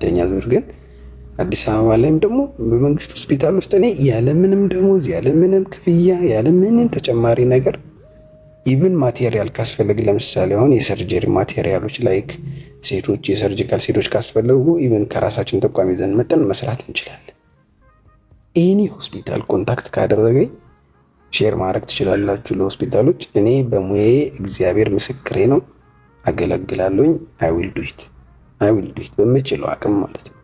ሁለተኛ ብር ግን አዲስ አበባ ላይም ደግሞ በመንግስት ሆስፒታል ውስጥ እኔ ያለምንም ደሞዝ ያለምንም ክፍያ ያለምንም ተጨማሪ ነገር ኢቭን ማቴሪያል ካስፈለግ ለምሳሌ አሁን የሰርጀሪ ማቴሪያሎች ላይክ ሴቶች የሰርጂካል ሴቶች ካስፈለጉ ኢቭን ከራሳችን ተቋም ይዘን መጠን መስራት እንችላለን። ኤኒ ሆስፒታል ኮንታክት ካደረገኝ ሼር ማድረግ ትችላላችሁ ለሆስፒታሎች። እኔ በሙዬ እግዚአብሔር ምስክሬ ነው አገለግላለኝ። አይ ዊል ዱ ኢት አይ ዊል በምችለው አቅም ማለት ነው።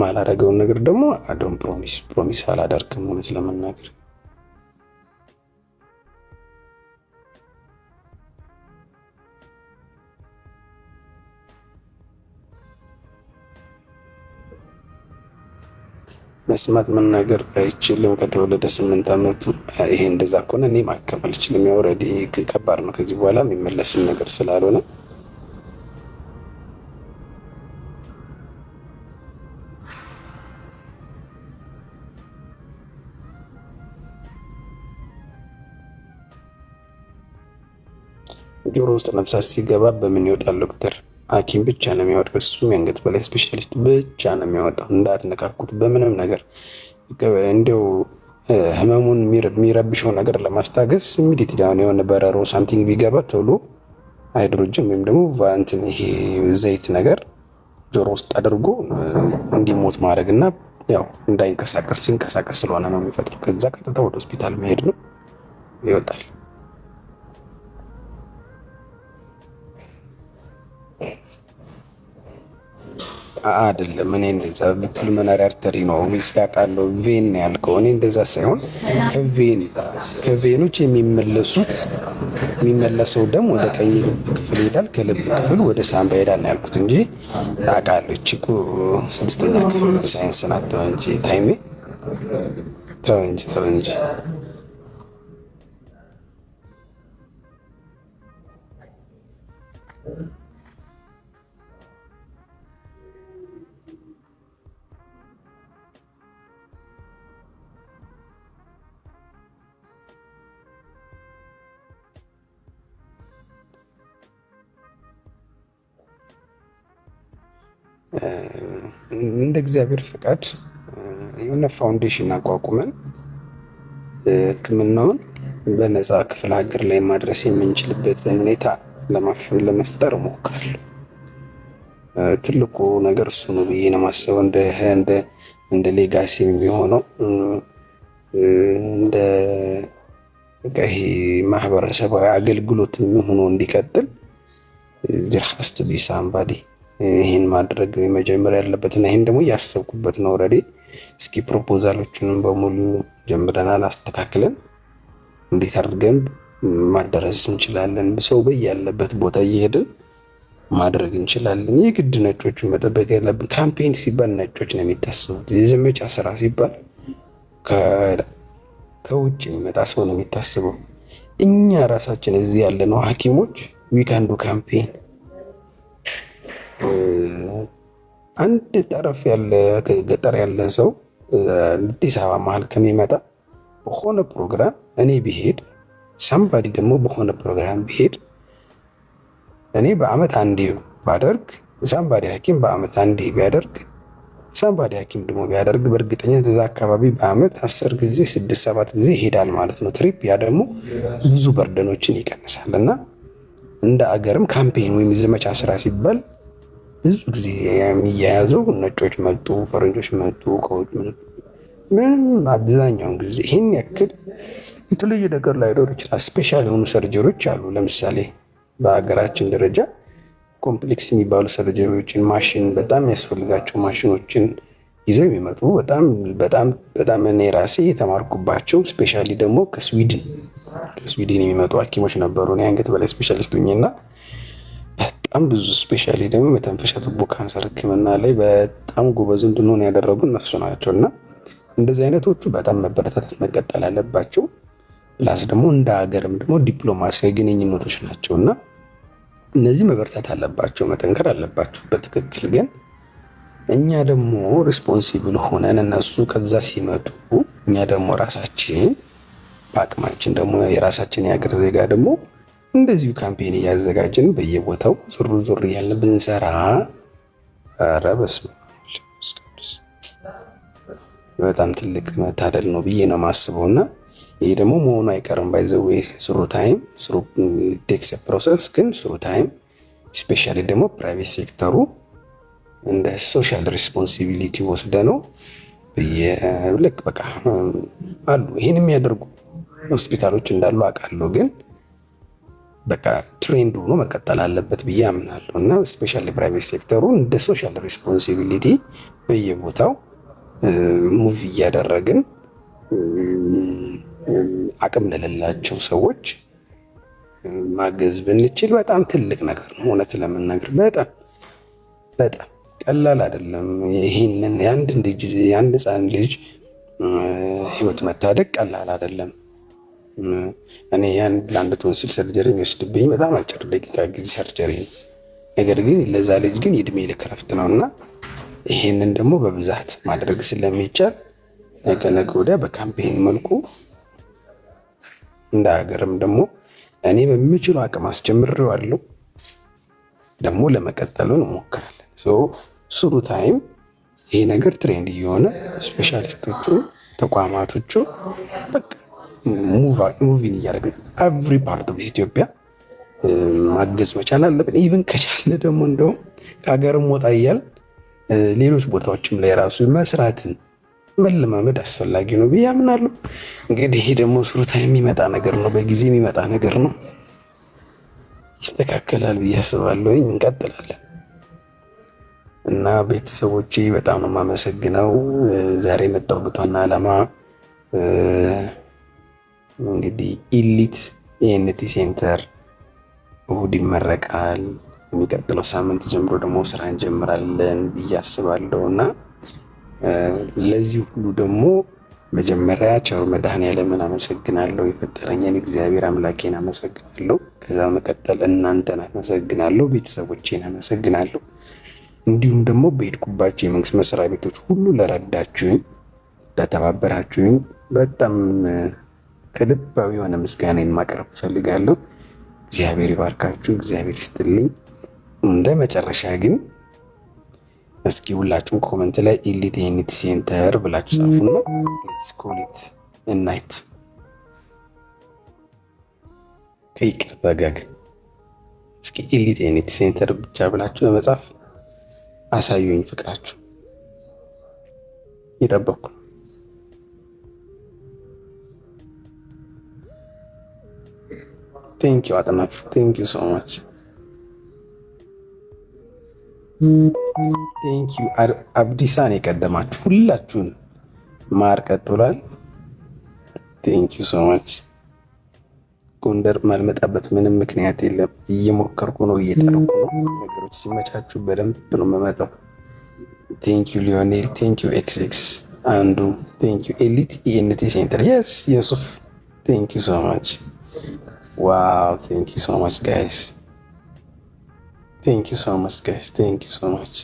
ማላረገውን ነገር ደግሞ አዶን ፕሮሚስ ፕሮሚስ አላደርግም እውነት ለመናገር መስማት መናገር አይችልም። ከተወለደ ስምንት ዓመቱ ይሄ እንደዛ ከሆነ እኔ ማከም አልችልም። ያውረድ ኦልሬዲ ከባድ ነው። ከዚህ በኋላ የሚመለስም ነገር ስላልሆነ ጆሮ ውስጥ ነፍሳት ሲገባ በምን ይወጣል ዶክተር? ሐኪም ብቻ ነው የሚያወጣው። እሱም የአንገት በላይ ስፔሻሊስት ብቻ ነው የሚያወጣው። እንዳትነካኩት በምንም ነገር እንዲው ህመሙን የሚረብሸው ነገር ለማስታገስ ሚዲት ዳሁን የሆነ በረሮ ሳምቲንግ ቢገባ ተብሎ ሃይድሮጅን ወይም ደግሞ እንትን ይሄ ዘይት ነገር ጆሮ ውስጥ አድርጎ እንዲሞት ማድረግ እና ያው እንዳይንቀሳቀስ ሲንቀሳቀስ ስለሆነ ነው የሚፈጥረው። ከዛ ቀጥታ ወደ ሆስፒታል መሄድ ነው ይወጣል። አይደለም እኔ እንደዛ ፕልመናሪ አርተሪ ነው ይስቃቃለው ቬን ነው ያልከው። እኔ እንደዛ ሳይሆን ከቬን ከቬኖች የሚመለሱት የሚመለሰው ደም ወደ ቀኝ ልብ ክፍል ይሄዳል፣ ከልብ ክፍል ወደ ሳምባ ይሄዳል ነው ያልኩት እንጂ አውቃለሁ። እቺ እኮ ስድስተኛ ክፍል ሳይንስ ናት። እንጂ ታይሜ፣ ተው እንጂ፣ ተው እንጂ እንደ እግዚአብሔር ፍቃድ የሆነ ፋውንዴሽን አቋቁመን ሕክምናውን በነፃ ክፍለ ሀገር ላይ ማድረስ የምንችልበትን ሁኔታ ለመፍጠር እሞክራለሁ። ትልቁ ነገር እሱ ነው ብዬ ነው የማስበው። እንደ ሌጋሲ የሚሆነው እንደ ቀሂ ማህበረሰባዊ አገልግሎት የሚሆነው እንዲቀጥል ዜር ሃስ ቢ ሳምባዲ ይህን ማድረግ መጀመሪያ ያለበትና ይህን ደግሞ እያሰብኩበት ነው ረዴ እስኪ ፕሮፖዛሎቹንም በሙሉ ጀምረናል አስተካክለን እንዴት አድርገን ማደረስ እንችላለን። ሰው በይ ያለበት ቦታ እየሄድን ማድረግ እንችላለን። የግድ ነጮቹ መጠበቅ ያለብን ካምፔን ሲባል ነጮች ነው የሚታሰቡት። የዘመቻ ስራ ሲባል ከውጭ የሚመጣ ሰው ነው የሚታስበው። እኛ ራሳችን እዚህ ያለነው ሀኪሞች ዊካንዱ ካምፔን አንድ ጠረፍ ያለ ገጠር ያለ ሰው አዲስ አበባ መሀል ከሚመጣ በሆነ ፕሮግራም እኔ ብሄድ ሳምባዲ ደግሞ በሆነ ፕሮግራም ብሄድ እኔ በአመት አንዴ ባደርግ ሳምባዲ ሐኪም በአመት አንዴ ቢያደርግ ሳምባዲ ሐኪም ደግሞ ቢያደርግ በእርግጠኛ እዛ አካባቢ በአመት አስር ጊዜ ስድስት ሰባት ጊዜ ይሄዳል ማለት ነው ትሪፕ። ያ ደግሞ ብዙ በርደኖችን ይቀንሳል እና እንደ አገርም ካምፔን ወይም ዘመቻ ስራ ሲባል ብዙ ጊዜ የሚያያዘው ነጮች መጡ፣ ፈረንጆች መጡ፣ ከውጭ ምንም አብዛኛውን ጊዜ ይህን ያክል የተለየ ነገር ላይኖር ይችላል። ስፔሻል የሆኑ ሰርጀሪዎች አሉ። ለምሳሌ በሀገራችን ደረጃ ኮምፕሌክስ የሚባሉ ሰርጀሪዎችን ማሽን በጣም ያስፈልጋቸው ማሽኖችን ይዘው የሚመጡ በጣም በጣም በጣም እኔ ራሴ የተማርኩባቸው ስፔሻሊ ደግሞ ከስዊድን ከስዊድን የሚመጡ ሐኪሞች ነበሩ። እኔ አንገት በላይ ስፔሻሊስት ሁኜና በጣም ብዙ ስፔሻሊ ደግሞ መተንፈሻ ቱቦ ካንሰር ህክምና ላይ በጣም ጎበዝ እንድንሆን ያደረጉ እነሱ ናቸው እና እንደዚህ አይነቶቹ በጣም መበረታታት መቀጠል አለባቸው። ፕላስ ደግሞ እንደ ሀገርም ደግሞ ዲፕሎማሲያዊ ግንኙነቶች ናቸው እና እነዚህ መበረታት አለባቸው፣ መጠንከር አለባቸው። በትክክል ግን እኛ ደግሞ ሪስፖንሲብል ሆነን እነሱ ከዛ ሲመጡ እኛ ደግሞ ራሳችን በአቅማችን ደግሞ የራሳችን የሀገር ዜጋ ደግሞ እንደዚሁ ካምፔን እያዘጋጅን በየቦታው ዙር ዙር እያልን ብንሰራ፣ ኧረ በስመ አብ በጣም ትልቅ መታደል ነው ብዬ ነው የማስበው። እና ይህ ደግሞ መሆኑ አይቀርም። ባይዘዌ ስሩ ታይም ቴክስ ፕሮሰስ ግን ስሩ ታይም ስፔሻሊ ደግሞ ፕራይቬት ሴክተሩ እንደ ሶሻል ሪስፖንሲቢሊቲ ወስደ ነው ልክ በቃ አሉ ይህን የሚያደርጉ ሆስፒታሎች እንዳሉ አውቃለሁ ግን በቃ ትሬንድ ሆኖ መቀጠል አለበት ብዬ አምናለሁ እና ስፔሻሊ ፕራይቬት ሴክተሩ እንደ ሶሻል ሪስፖንሲቢሊቲ በየቦታው ሙቭ እያደረግን አቅም ለሌላቸው ሰዎች ማገዝ ብንችል በጣም ትልቅ ነገር ነው። እውነት ለመናገር በጣም በጣም ቀላል አይደለም። ይህንን የአንድ ህፃን ልጅ ህይወት መታደግ ቀላል አይደለም። እኔ ያን ለአንድ ቶንሲል ሰርጀሪ የሚወስድብኝ በጣም አጭር ደቂቃ ጊዜ ሰርጀሪ ነው። ነገር ግን ለዛ ልጅ ግን የእድሜ ልክ ረፍት ነው እና ይሄንን ደግሞ በብዛት ማድረግ ስለሚቻል ነገ ነገ ወዲያ በካምፔን መልኩ እንደ ሀገርም ደግሞ እኔ በሚችሉ አቅም አስጀምሬዋለሁ። ደግሞ ለመቀጠሉ እንሞክራለን። ስሩ ታይም ይሄ ነገር ትሬንድ እየሆነ ስፔሻሊስቶቹ ተቋማቶቹ በቃ ሙቪን እያደረግን ኤቭሪ ፓርት ኦፍ ኢትዮጵያ ማገዝ መቻል አለብን። ኢቭን ከቻለ ደግሞ እንደውም ከሀገርም ወጣ እያል ሌሎች ቦታዎችም ላይ ራሱ መስራትን መለማመድ አስፈላጊ ነው ብዬ አምናለሁ። እንግዲህ ይሄ ደግሞ ስሩታ የሚመጣ ነገር ነው፣ በጊዜ የሚመጣ ነገር ነው። ይስተካከላል ብዬ አስባለሁ። እንቀጥላለን እና ቤተሰቦቼ በጣም ነው የማመሰግነው። ዛሬ የመጣሁበት ዋና ዓላማ እንግዲህ ኢሊት ኤንቲ ሴንተር እሁድ ይመረቃል። የሚቀጥለው ሳምንት ጀምሮ ደግሞ ስራ እንጀምራለን ብዬ አስባለሁ እና ለዚህ ሁሉ ደግሞ መጀመሪያ ቸሩ መድኃኔዓለምን አመሰግናለሁ። የፈጠረኝን እግዚአብሔር አምላኬን አመሰግናለሁ። ከዛ መቀጠል እናንተን አመሰግናለሁ፣ ቤተሰቦቼን አመሰግናለሁ። እንዲሁም ደግሞ በሄድኩባቸው የመንግስት መስሪያ ቤቶች ሁሉ ለረዳችሁኝ፣ ለተባበራችሁኝ በጣም ከልባዊ የሆነ ምስጋናን ማቅረብ እፈልጋለሁ። እግዚአብሔር ይባርካችሁ፣ እግዚአብሔር ይስጥልኝ። እንደ መጨረሻ ግን እስኪ ሁላችሁም ኮመንት ላይ ኢሊት ኤኒት ሴንተር ብላችሁ ጻፉና ሌትስ ኮል ኢት እናይት። ከይቅርታ ጋር ግን እስኪ ኢሊት ኤኒት ሴንተር ብቻ ብላችሁ በመጻፍ አሳዩኝ ፍቅራችሁ። የጠበቅኩ ቴንክ ዩ አጥናፍ፣ ቴንክ ዩ ሶ ማች ቴንክ ዩ አብዲሳን የቀደማችሁ ሁላችሁን ማር ቀጥሏል። Thank you so much. ጎንደር ማልመጣበት ምንም ምክንያት የለም። እየሞከርኩ ነው፣ እየጠርኩ ነው። ነገሮች ሲመቻችሁ በደንብ ነው የምመጣው። Thank you, ሊዮኔል፣ Thank you, XX. አንዱ፣ ቴንክ ዩ ኤሊት ኢኤንቲ ሴንተር የስ የሱፍ Thank you so much. ዋው ቴንክ ዩ ሶ ማች ጋይስ ቴንክ ዩ ሶ ማች ጋይስ ቴንክ ዩ ሶ ማች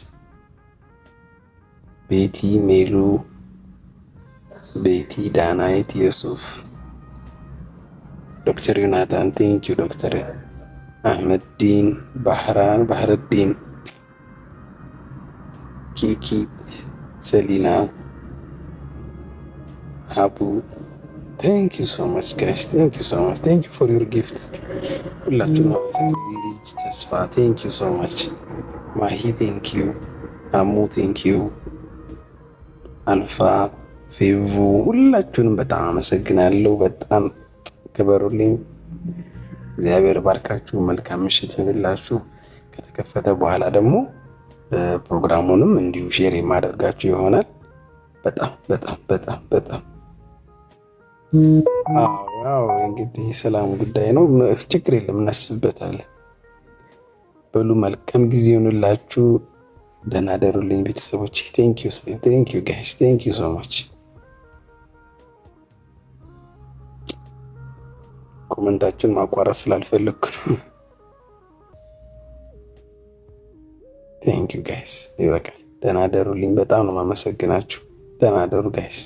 ቤቲ ሜሉ፣ ቤቲ ዳናይት፣ የሱፍ ዶክተር ዮናታን ቴንክ ዩ ዶክተር አህመድ ዲን፣ ባህራን ባህረዲን፣ ኪኪት፣ ሰሊና ሀቡ ቴንክ ዩ ሶ ማች ጋሽ ቴንክ ዩ ሶ ማች ቴንክ ዩ ፎር ዩር ጊፍት ሁላችሁ ልጅ ተስፋ ቴንክ ዩ ሶ ማች ማሂ ቴንክ ዩ አሙ ቴንክ ዩ አልፋ ፌቮ ሁላችሁንም በጣም አመሰግናለሁ። በጣም ክበሩልኝ። እግዚአብሔር ባርካችሁ። መልካም ምሽት ይሁንላችሁ። ከተከፈተ በኋላ ደግሞ ፕሮግራሙንም እንዲሁ ሼር የማደርጋችሁ ይሆናል። በጣም በጣም በጣም በጣም ያው እንግዲህ የሰላም ጉዳይ ነው፣ ችግር የለም እናስብበታለን። በሉ መልካም ጊዜ ይሆንላችሁ። ደህና ደሩልኝ ቤተሰቦች። ቴንኪዩ ጋሽ ቴንኪዩ ሶማች። ኮመንታችን ማቋረጥ ስላልፈለግኩ ነው። ጋይስ ይበቃል። ደህና ደሩልኝ። በጣም ነው የማመሰግናችሁ። ደህና ደሩ ጋይስ።